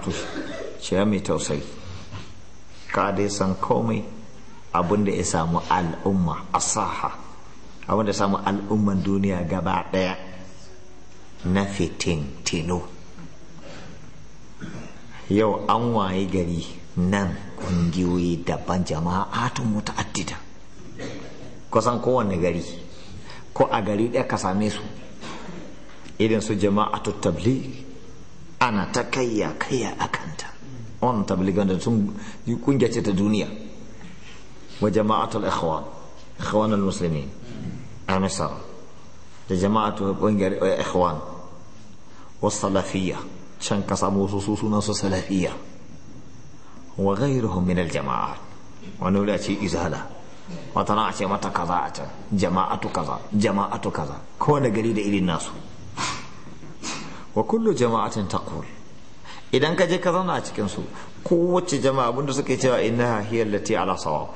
rahmatu ciya mai tausayi ka dai san komai abin da ya samu al'umma asaha abin da samu al'umman duniya gaba daya na fitin tino yau an waye gari nan kungiyoyi daban jama'atun muta'addida kusan kowane gari ko a gari ɗaya ka same su irin su jama'a tattabli ana ta kayya kayya a kanta wannan tabligan da sun yi kungiya ce ta duniya wa jama'atul ikhwan ikhwanul muslimin a misar da jama'atul kungiyar eh, ikhwan wa salafiyya can ka samu su su sunan su salafiyya wa ghairuhum min al jama'at wani wuri a ce izala wata na a ce mata kaza a can jama'atu kaza jama'atu kaza kowane gari da irin nasu wa kullu jama'atin taqul idan ka je ka zauna a cikin su kowace jama'a abinda suke cewa innaha hiya allati ala sawab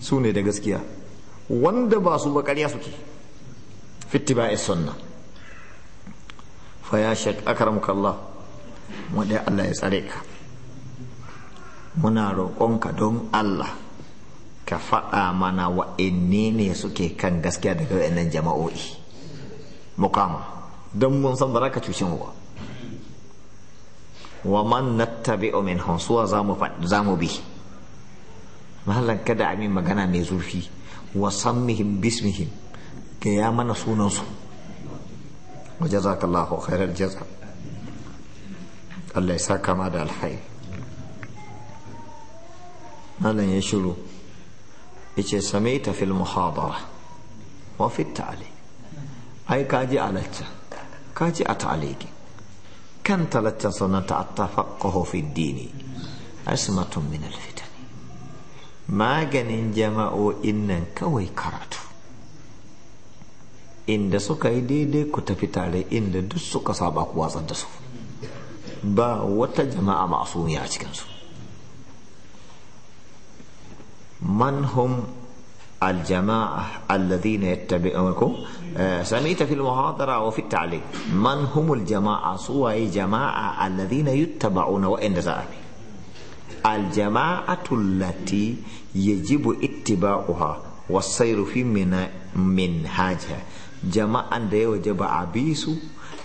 su ne da gaskiya wanda ba su ba ƙarya suke fittiba'i sunna fa ya shak akramuka Allah mu dai Allah ya tsare ka muna roƙonka don Allah ka faɗa mana inne ne suke kan gaskiya daga wa'annan jama'o'i mukama don mun san ba za ka cuci mu ba wa man nattabi'u min hansuwa za mu bi mahallan kada a min magana mai zurfi wa sammihim bismihim ga ya mana sunansu wa jazakallahu khairar jaza Allah ya sa kama da alhairi malam ya shiru ya ce same ta fil muhadara wa fit ta'ali ai a alatta kaji a ta'aliki kan talatin sunan ta attafaqahu fi dini asmatun min alfitani maganin jama'o'in nan kawai karatu inda suka yi daidai ku tafi tare inda duk suka saba ku watsar da su ba wata jama'a masu a cikinsu man hum Aljama'a aladina ya tabi ko sami tafilma ko a man humul jama'a su waye jama'a aladina ya yotta ba'una waɗanda sa a yi. ittiba'uha tullati ya jibi iti ba'u ha wasu yin haja jama'an da ya waje ba abisu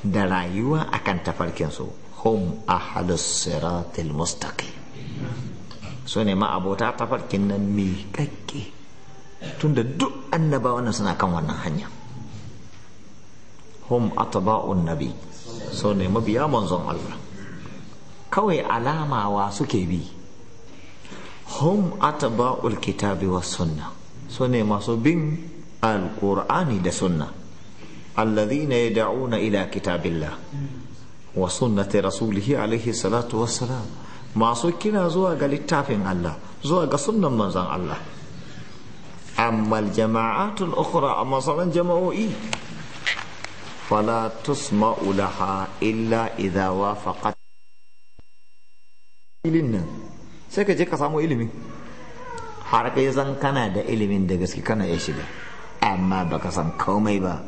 akan tafarkin su hum a siratil Sera sune Musa su ma abota tafarki na me kake. tunda duk annabawan suna kan wannan hanya hum atba'un nabi so ne mabiya manzon Allah kawai alamawa suke bi hum ataba'ul kitabi was sunna so ne masu bin alqur'ani da sunna alladhina yad'una ila kitabillah wa sunnati rasulihi alayhi salatu wassalam masu kina zuwa ga littafin Allah zuwa ga sunnan manzon Allah ammal jama'atul ukhra amma sauran jama'o'i fala tusma'u laha illa idza wafaqat ilin nan sai ka je ka samu ilimi har kai zan kana da ilimin da gaske kana ya shiga amma baka san komai ba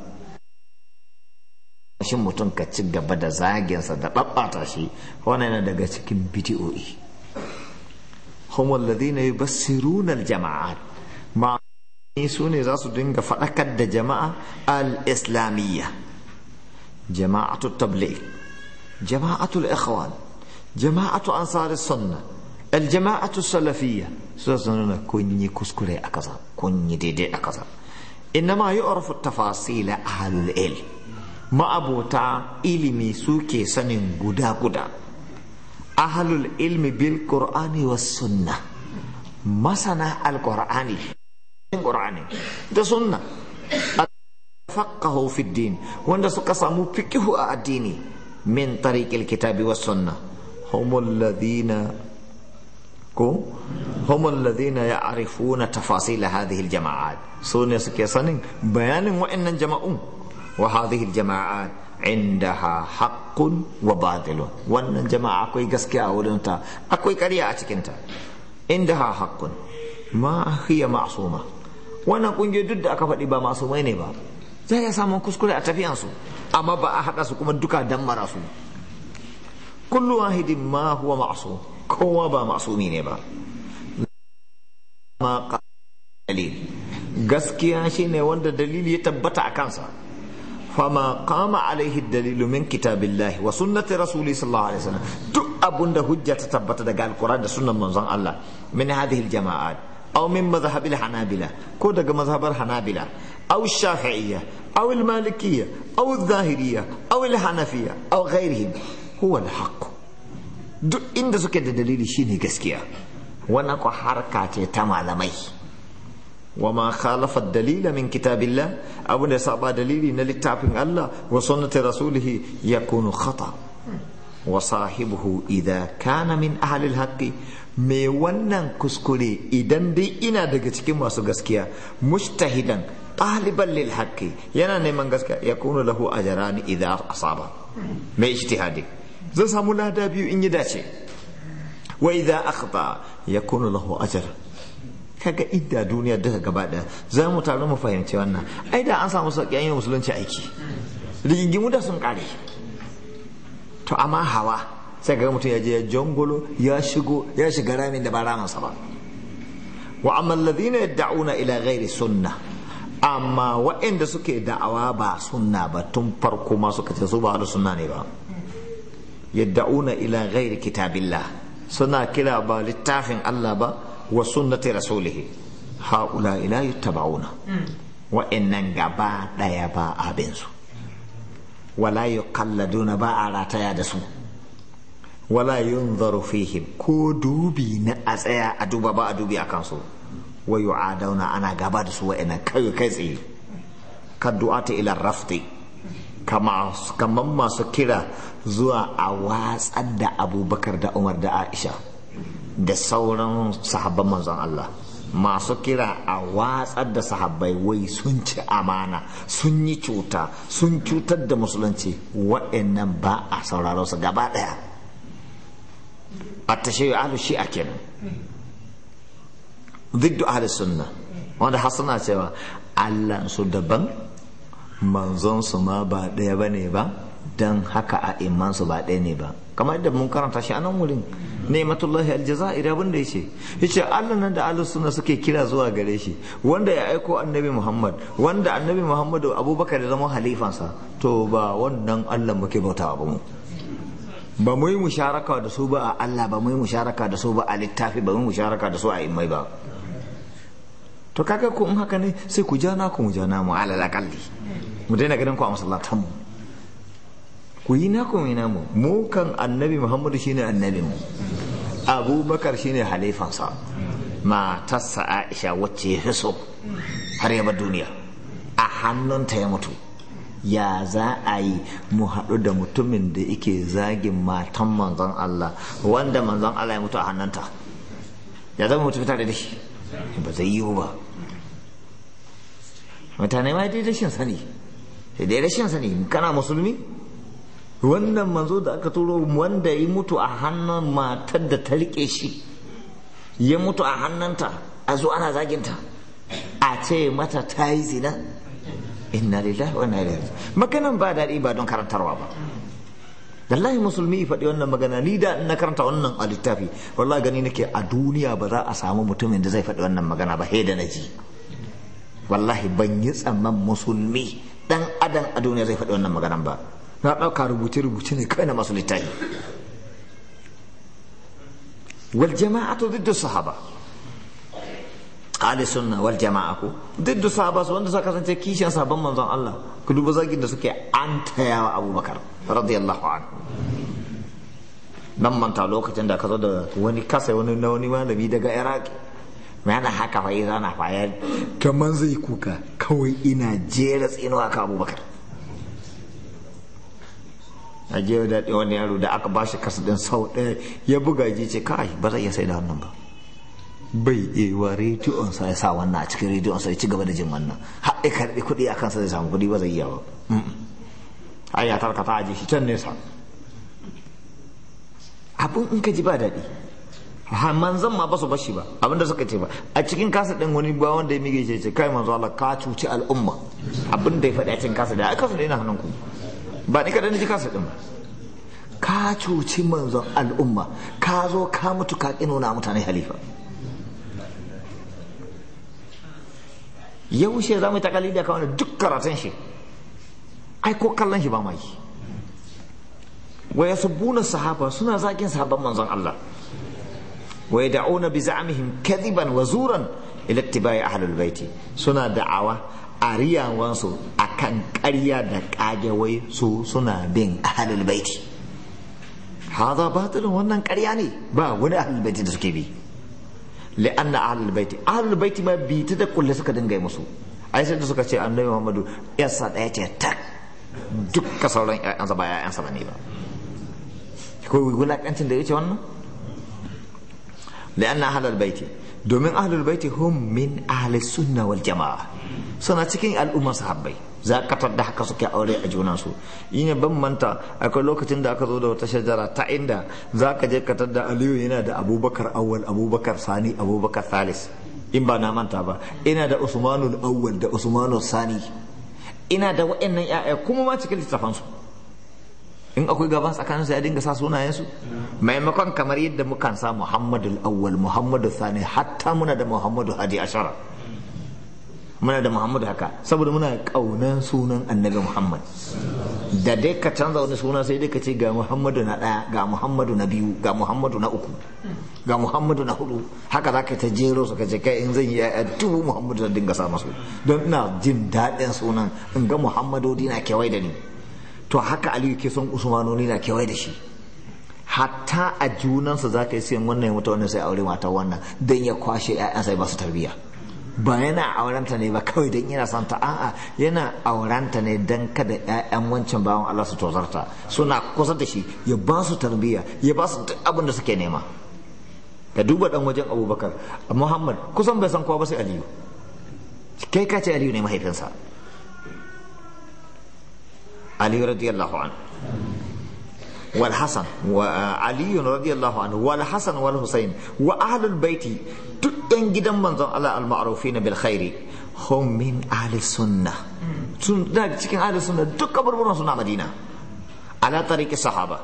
shin mutum ka ci gaba da zagensa da babbata shi wani daga cikin bidi'o'i hum alladhina yubassiruna al jama'a. su ne za su dinga faɗakar da jama'a al-islamiyya jama'atu tabligh jama'atu al-ikhwan jama'atu ansar sunna al-jama'atu salafiyya su za nuna kun yi kuskure a kaza kun yi daidai a kaza innama yu'rafu tafasila ahlul ilm ma'abota ilimi suke sanin guda guda ahlul ilmi bil qur'ani was sunnah masana al-qur'ani cikin qur'ani da sunna faqahu fi din wanda suka samu fiqhu a addini min tariqil kitabi was sunna humul ladina ko humul ladina ya'rifuna tafasil hadhihi al jama'at suke sanin bayanin wa'annan jama'un wa hadhihi al jama'at indaha haqqun wa batilun wannan jama'a akwai gaskiya a wurinta akwai ƙarya a cikinta indaha haqqun ma hiya ma'suma wannan kungiyoyi duk da aka faɗi ba masu mai ne ba za ya samu kuskure a tafiyansu amma ba a haɗa su kuma duka dan mara su kullu wahidin ma huwa ma'su kowa ba ma'sumi ne ba gaskiya shi gaskiya shine wanda dalili ya tabbata a kansa fama kama alaihi dalilu min kitabillahi wa sunnati rasuli sallallahu alaihi wasallam duk abunda hujja ta tabbata daga alkuran da sunnan manzon Allah min hadhihi aljama'at أو من مذهب الحنابلة كودك مذهب الحنابلة أو الشافعية أو المالكية أو الظاهرية أو الحنفية أو غيرهم هو الحق duk inda suke da dalili shine gaskiya wannan ko harka ce ta malamai Wama ma khalafa dalila min kitabillah abun da saba dalili na littafin Allah wa sunnati ya yakunu khata wa sahibuhu idza kana min ahlil haqqi me wannan kuskure idan dai ina daga cikin masu gaskiya mustahidan ɗaliban lil haqqi yana neman gaskiya ya kunu lahu ajrani idza asaba mai ijtihadi zan samu lada biyu in yi dace wa idza akhta yakunu lahu ajr kaga idda duniya duka gaba daya za mu taru mu fahimci wannan ai da an samu sauki an yi musulunci aiki rigingimu da sun kare to amma hawa sai ga mutum ya je ya jongolo ya shigo ya shiga ramin da ba ramansa ba wa amma alladhina yad'una ila ghairi sunnah amma waɗanda suke da'awa ba sunna ba tun farko ma suka ce su ba da sunna ne ba yad'una ila ghairi kitabillah suna kira ba littafin Allah ba wa sunnati rasulihi haula ila wa hmm. wa'annan gaba daya ba abinsu wala yuqalladuna ba a rataya da su wala yunzaru fihim ko dubi na a tsaya a duba ba a dubi a kansu wa yu'adauna ana gaba da su wa'annan kai kai tsaye kaddu'ata ila rafti kamar masu kira zuwa a watsar da abubakar da umar da aisha da sauran sahabban manzon Allah masu kira a watsar da sahabbai wai sun ci amana sun yi cuta sun cutar da musulunci wa'annan ba a sauraro su gaba daya a tashe ahlu shi a kenan duk da ahlu sunna wanda hasana cewa allah su daban manzon su ma ba daya ne ba don haka a imansu ba ɗaya ne ba kamar yadda mun karanta shi anan nan wurin ni'matullahi aljazairi abin da yace yace Allah nan da Allah suna suke kira zuwa gare shi wanda ya aiko annabi Muhammad wanda annabi Muhammad da Abubakar ya zama halifansa to ba wannan Allah muke bautawa ba mu ba mu yi musharaka da su ba a Allah ba mu yi musharaka da su ba a littafi ba mu yi musharaka da su a imai ba to kaga ko in haka ne sai ku jana ku mu jana mu alalakalli mu daina ganin ku a masallatan mu ku yi na ku na mu mu kan annabi muhammadu shine annabi mu abubakar shine halifansa matarsa aisha wacce ya so har yaba duniya a hannunta ya mutu ya za a yi mu haɗu da mutumin da yake zagin matan manzon Allah wanda manzon Allah ya mutu a hannunta ya zama mutu tare da shi ba zai yiwu ba mutane ma dai rashin sani dai rashin sani kana musulmi wannan manzo da aka turo wanda ya mutu a hannun matar da ta rike shi ya mutu a hannunta a zo ana zaginta a ce mata ta yi zina inna lillahi wa inna ilaihi maganan ba daɗi ba don karantarwa ba wallahi musulmi faɗi wannan magana ni da na karanta wannan a littafi wallahi gani nake a duniya ba za a samu mutumin da zai faɗi wannan magana ba he da na ji wallahi ban yi tsamman musulmi dan adam a duniya zai faɗi wannan maganan ba na ɗauka rubuce-rubuce ne kai na masu littafi wal duk da sahaba ƙali sunna wal jama'a ko da sahaba su wanda suka kasance kishin sabon manzon Allah ku duba zagin da suke an tayawa Abubakar radiyallahu anhu nan manta lokacin da ka zo da wani kasa wani na wani malami daga iraki yana haka fa eh, na fayar kamar zai kuka kawai ina jera tsinuwa ka abubakar a jiya da wani yaro da aka bashi kasadin sau ɗaya ya buga ji ce kai ba zai iya sai da wannan ba bai wa rediyon sa ya sa wannan a cikin rediyon sa ya ci gaba da jin wannan Haɗe ya kuɗi a kansa zai samu kuɗi ba zai iya ba ai ya tarkata a shi can nesa abun in ka ji ba daɗi manzan ma ba su bashi ba abinda suka ce ba a cikin kasa ɗin wani ba wanda ya mige ce kai manzo Allah ka cuci al'umma abinda da ya faɗi a cikin kasa da a kasa da ina hannun ku ba ni kaɗai ji kansa ɗin ba ka cuci manzon al'umma ka zo ka mutu ka ƙi nuna mutane halifa yaushe za mu yi takalidi ka wani duk karatun shi ai ko kallon shi ba ma yi wa yasubbuna sahaba suna zakin sahaban manzon Allah wa da'una bi za'mihim kadiban wa zuran ila ittiba'i ahlul baiti suna da'awa a riyawansu a kan ƙarya da ƙagewai su suna bin ahalul baiti haza batilin wannan ƙarya ne ba wani ahalul baiti da suke bi li'anna ahalul baiti ahalul baiti ma bita da kulle suka dinga yi musu ai sai da suka ce annabi muhammadu yasa ɗaya ce tak dukka sauran ƴaƴansa ba ƴaƴansa ba ne ba ko wulaƙancin da ya ce wannan na ahalul baiti domin ahalul baiti hum min ahli sunna wal jama'a suna cikin al'umman sahabbai ka da haka suke aure a juna su ina ban manta akwai lokacin da aka zo da wata shajara ta inda za ka je ka da aliyu yana da abubakar Awal, abubakar sani abubakar thalis in ba na manta ba ina da usmanul Awal da usmanul sani ina da wa'annan ya'ya kuma ma cikin littafan su. in akwai gaban tsakanin su ya dinga sa sunayen su maimakon kamar yadda mukan sa muhammadul Awal, Muhammadu sani hatta muna da muhammadu hadi ashara muna da muhammad haka saboda muna kaunan sunan annabi muhammad da dai ka canza wani suna sai dai ka ce ga muhammadu na ɗaya ga muhammadu na biyu ga muhammadu na uku ga muhammadu na hudu haka za ka ta jero su ka ce kai in zan yi ya'ya tubu muhammadu na dinga sa su don ina jin daɗin sunan in ga muhammadu na kewaye da ni to haka aliyu ke son usmanoni na kewaye da shi hatta a junansa za ka yi siyan wannan ya mutu wannan sai aure mata wannan don ya kwashe 'ya'yansa ya ba su tarbiyya ba yana aurenta ne ba kawai don yana santa a'a yana aurenta ne don kada 'ya'yan wancan bawan Allah su tozarta suna kusa da shi ya ba su tarbiyya ya ba su duk abin da suke nema ka duba dan wajen abubakar muhammad kusan bai san kowa ba sai aliyu kai ka ce aliyu ne mahaifinsa aliyu radiyallahu anhu wal hasan wa uh, ali radiyallahu anhu wal hasan wal husain wa ahlul baiti duk dan gidan manzon Allah al ma'rufin bil khairi hum min ahli sunna sun da cikin ahli sunna duk kaburburan suna madina ala tariqi sahaba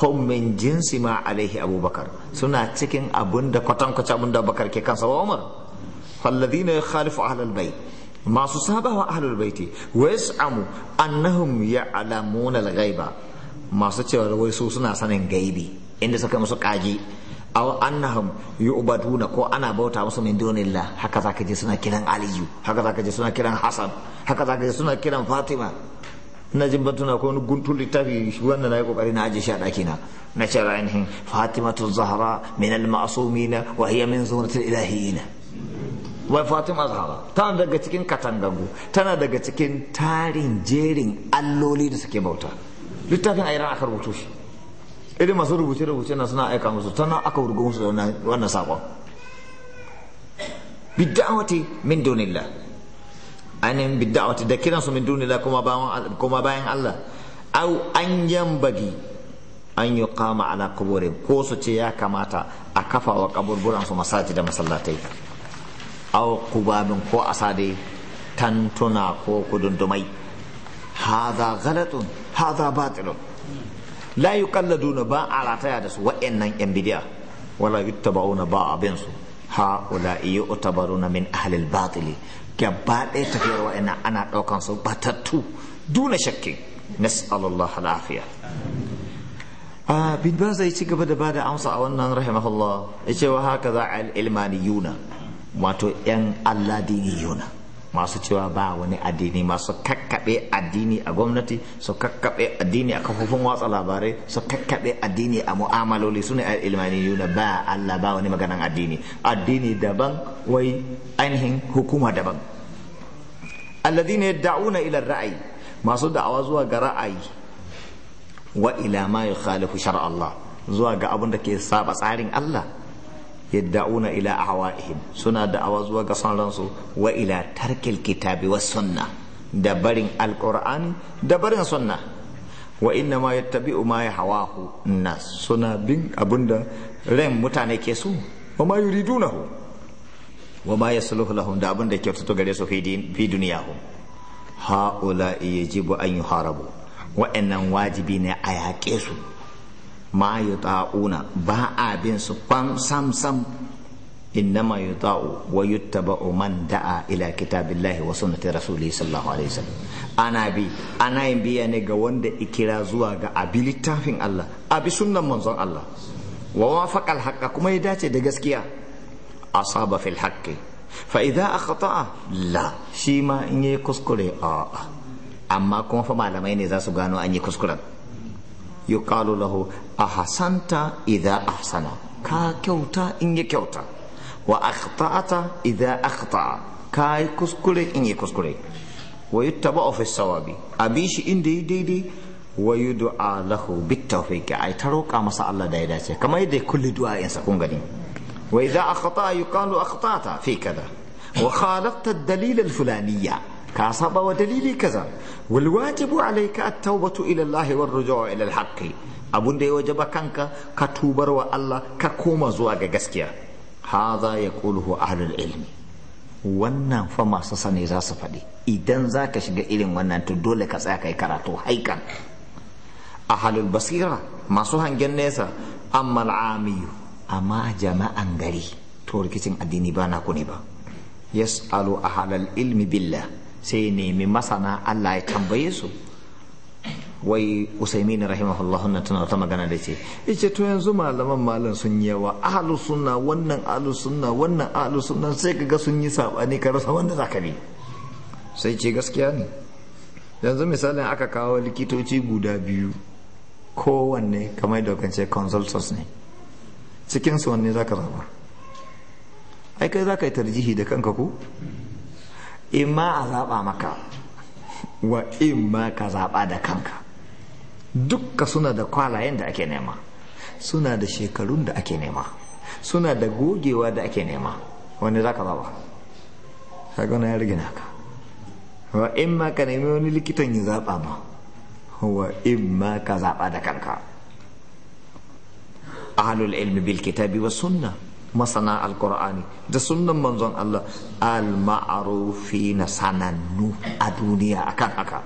hum jinsi ma alaihi abubakar suna cikin abun da kwatankwacin abun da bakar ke kansa wa umar falladhina yukhalifu ahlul bait masu sabawa ahlul baiti wa amu annahum ya'lamuna al-ghaiba masu cewar wai su suna sanin gaibi inda suka musu kaji aw annahum yu'baduna ko ana bauta musu min dunillah haka zaka je suna kiran aliyu haka zaka je suna kiran hasan haka zaka je suna kiran fatima ina jin ban ko wani guntun littafi wannan na yi kokari na aje shi a daki na na ce fatima tu zahra min al-ma'sumina wa hiya min al ilahiyina wai fatima zahra tana daga cikin katangagu tana daga cikin tarin jerin alloli da suke bauta littafin a iran aka rubuto shi irin masu rubuce-rubuce na suna aika musu tana aka rugo musu da wannan sakon bidda'awati min dunillah ainihin bidda'awati da kiransu min dunillah kuma bayan Allah au an yambagi an yi kama ala kubure ko su ce ya kamata a kafa wa kaburburan su masaji da masallatai au kubabin ko asade tantuna ko kudundumai haza galatun hadha batilun la yuqalladuna ba a rataya da su waɗannan yan bidiya wala yuttaba'una ba abin su ha'ula yu'tabaruna min ahli al-batil gaba ɗaya tafiyar wa'annan ana ɗaukan su batattu duna shakki nas'alullah al ah, bin ba zai ci gaba da ba da amsa a wannan rahimahullah yace wa haka za a al-ilmaniyuna wato yan alladiniyuna masu cewa ba wani addini masu kakkaɓe addini a gwamnati su kakkaɓe addini a kafofin watsa labarai su kakkaɓe addini a mu'amaloli su ne yuna ba Allah ba wani maganan addini addini daban wai ainihin hukuma daban ne da'una ila ra'ayi masu da'awa zuwa ga ra'ayi wa ila ma yukhalifu shar'a Allah zuwa ga abin da ke saba tsarin Allah yadda'una ila ahwa'ihim suna da'awa zuwa ga son ransu wa ila tarkil kitabi was sunna da barin alqur'ani da barin sunna wa inna ma yattabi'u ma yahawahu nas suna bin abunda. ran mutane ke su. wa ma yuridunahu wa ma yasluhu lahum da abunda ke fito gare su fi duniyahum ha'ula yajibu an yuharabu wa'annan wajibi ne a yaƙe su ma yuta'una ba a bin su fam sam sam innama yuta'u wa yuttaba'u man da'a ila kitabillahi wa sunnati rasulih sallallahu alaihi wasallam ana bi ana yin biya ne ga wanda ikira zuwa ga abi littafin Allah abi sunnan manzon Allah wa wafaqa al kuma ya dace da gaskiya asaba fil haqqi fa idza la shi ma in yi kuskure a amma kuma fa malamai ne za su gano an yi kuskuren يقال له أحسنت إذا أحسن كا كوتا إن كوتا وأخطأت إذا أخطأ كاي كسكولي إن كسكولي ويتبع في الصواب أبيش إن دي دي دي ويدعى له بالتوفيق أي تروك أما الله دايداتي كما يدي كل دعاء ينسكون غني وإذا أخطأ يقال أخطأت في كذا وخالفت الدليل الفلانية ka saba wa dalili kaza wal wajibu alayka at-taubatu ila Allah war rujuu ila al-haqq abun da ya wajaba kanka ka tubar wa Allah ka koma zuwa ga gaskiya hadha yaquluhu ahlul ilmi wannan fa masu sani za su faɗi idan za ka shiga irin wannan to dole ka tsaya kai karatu haikan ahlul basira masu hangen nesa amma al'amiyu amma jama'an gari to rikicin addini ba na ku ne ba yas'alu ahlul ilmi billah sai nemi masana Allah ya tambaye su wai usaimin rahimahullahu na tana ta magana da ce ce to yanzu malaman malam sun yawa ahlus sunna wannan ahlus sunna wannan ahlus sunna sai ga sun yi sabani ka rasa wanda zaka bi sai ce gaskiya ne yanzu misalin aka kawo likitoci guda biyu kowanne kamar da ce consultants ne cikin su wanne zaka zaba ai kai zaka yi tarjihi da kanka ko in ma a zaɓa maka wa in ma ka zaɓa da kanka dukka suna da kwalayen da ake nema suna da shekarun da ake nema suna da gogewa da ake nema wani za ka zaɓa sagana ya rigina ka wa in ma ka nemi wani likitan ya zaɓa ma wa in ma ka zaɓa da kanka ahalul ilmi bil kitabi wa sunna masana alkur'ani da sunan manzon Allah al na sanannu a duniya akan haka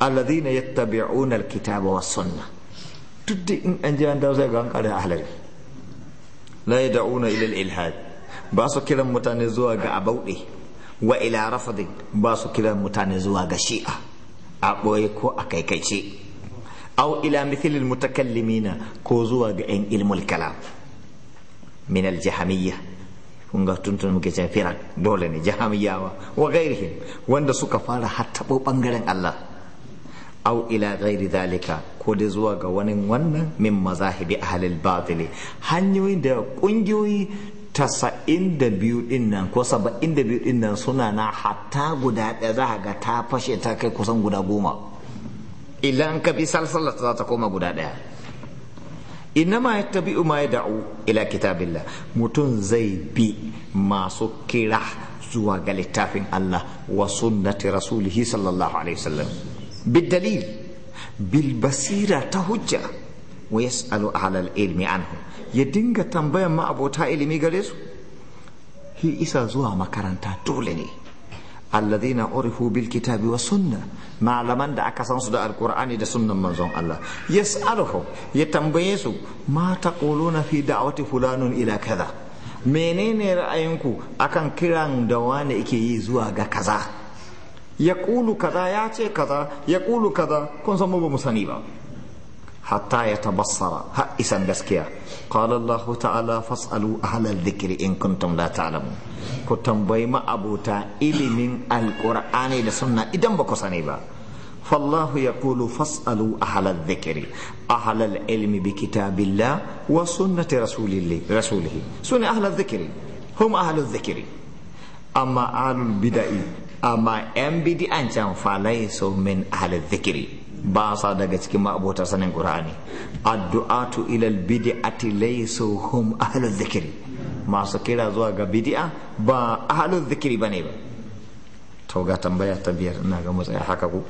alladhina yattabi'una al-kitaba wa sunna duk da in an ji an dawo ga an kare ahlai la yad'una ila al-ilhad ba su kiran mutane zuwa ga abaude wa ila rafadi ba su kiran mutane zuwa ga shi'a a boye ko a kaikaice au ila mithilil mutakallimina ko zuwa ga 'yan ilmul kalam من الجهمية kun ga tuntun muke cewa firak dole ne jahamiyawa wa gairihim wanda suka fara har taɓo bangaren Allah au ila gairi zalika ko da zuwa ga wani wannan min mazahibi ahlil batili hanyoyin da kungiyoyi tasa'in da biyu din nan ko saba'in da biyu din nan suna na hatta guda ɗaya za ga ta fashe ta kai kusan guda goma Ila idan ka bi salsalata za ta koma guda ɗaya innama yattabi'u ma da'u ila kitabillah mutum zai bi masu kira zuwa ga littafin Allah wa sunnati rasulih sallallahu alaihi wasallam bidalil bil basira ta hujja wa yas'alu ala al ilmi anhu ya dinga tambayan ma abota ilimi gare su hi isa zuwa makaranta dole ne alladhina urifu bil kitabi was sunnah malaman da aka san su da alqur'ani da sunnan manzon Allah yas'aluhu ya tambaye su ma taquluna fi da'wati fulanun ila kaza menene ra'ayinku akan kiran da wani yake yi zuwa ga kaza ya kaza ya ce kaza ya kaza kun san mu ba mu sani ba hatta ya tabassara har isan gaskiya qala ta'ala fasalu ahla dhikri in kuntum ku tambayi ma'abuta ilimin alqur'ani da sunna idan ba sani ba fallahu yaqulu fasalu ahla dhikri ahla ilmi bi kitabillah wa sunnati rasulillah rasulih sunna ahla dhikri hum yan bid'an can ba sa daga cikin ma'abota sanin qur'ani addu'atu ilal bid'ati laysu hum ahlul dhikri masu kira zuwa ga bidi'a ba ahlul dhikri bane ba to ga tambaya ta biyar ina ga mu tsaya haka ku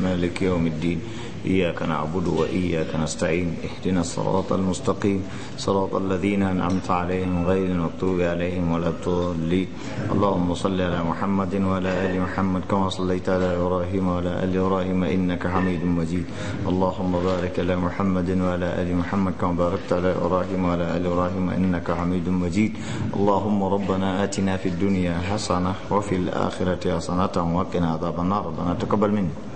مالك eh. eh, إياك نعبد وإياك نستعين اهدنا الصراط المستقيم صراط الذين أنعمت عليهم غير المغضوب عليهم ولا الضالين اللهم صل على محمد وعلى آل محمد كما صليت على إبراهيم وعلى آل إبراهيم إنك حميد مجيد اللهم بارك على محمد وعلى آل محمد كما باركت على إبراهيم وعلى آل إبراهيم إنك حميد مجيد اللهم ربنا آتنا في الدنيا حسنة وفي الآخرة حسنة وقنا عذاب النار ربنا تقبل منا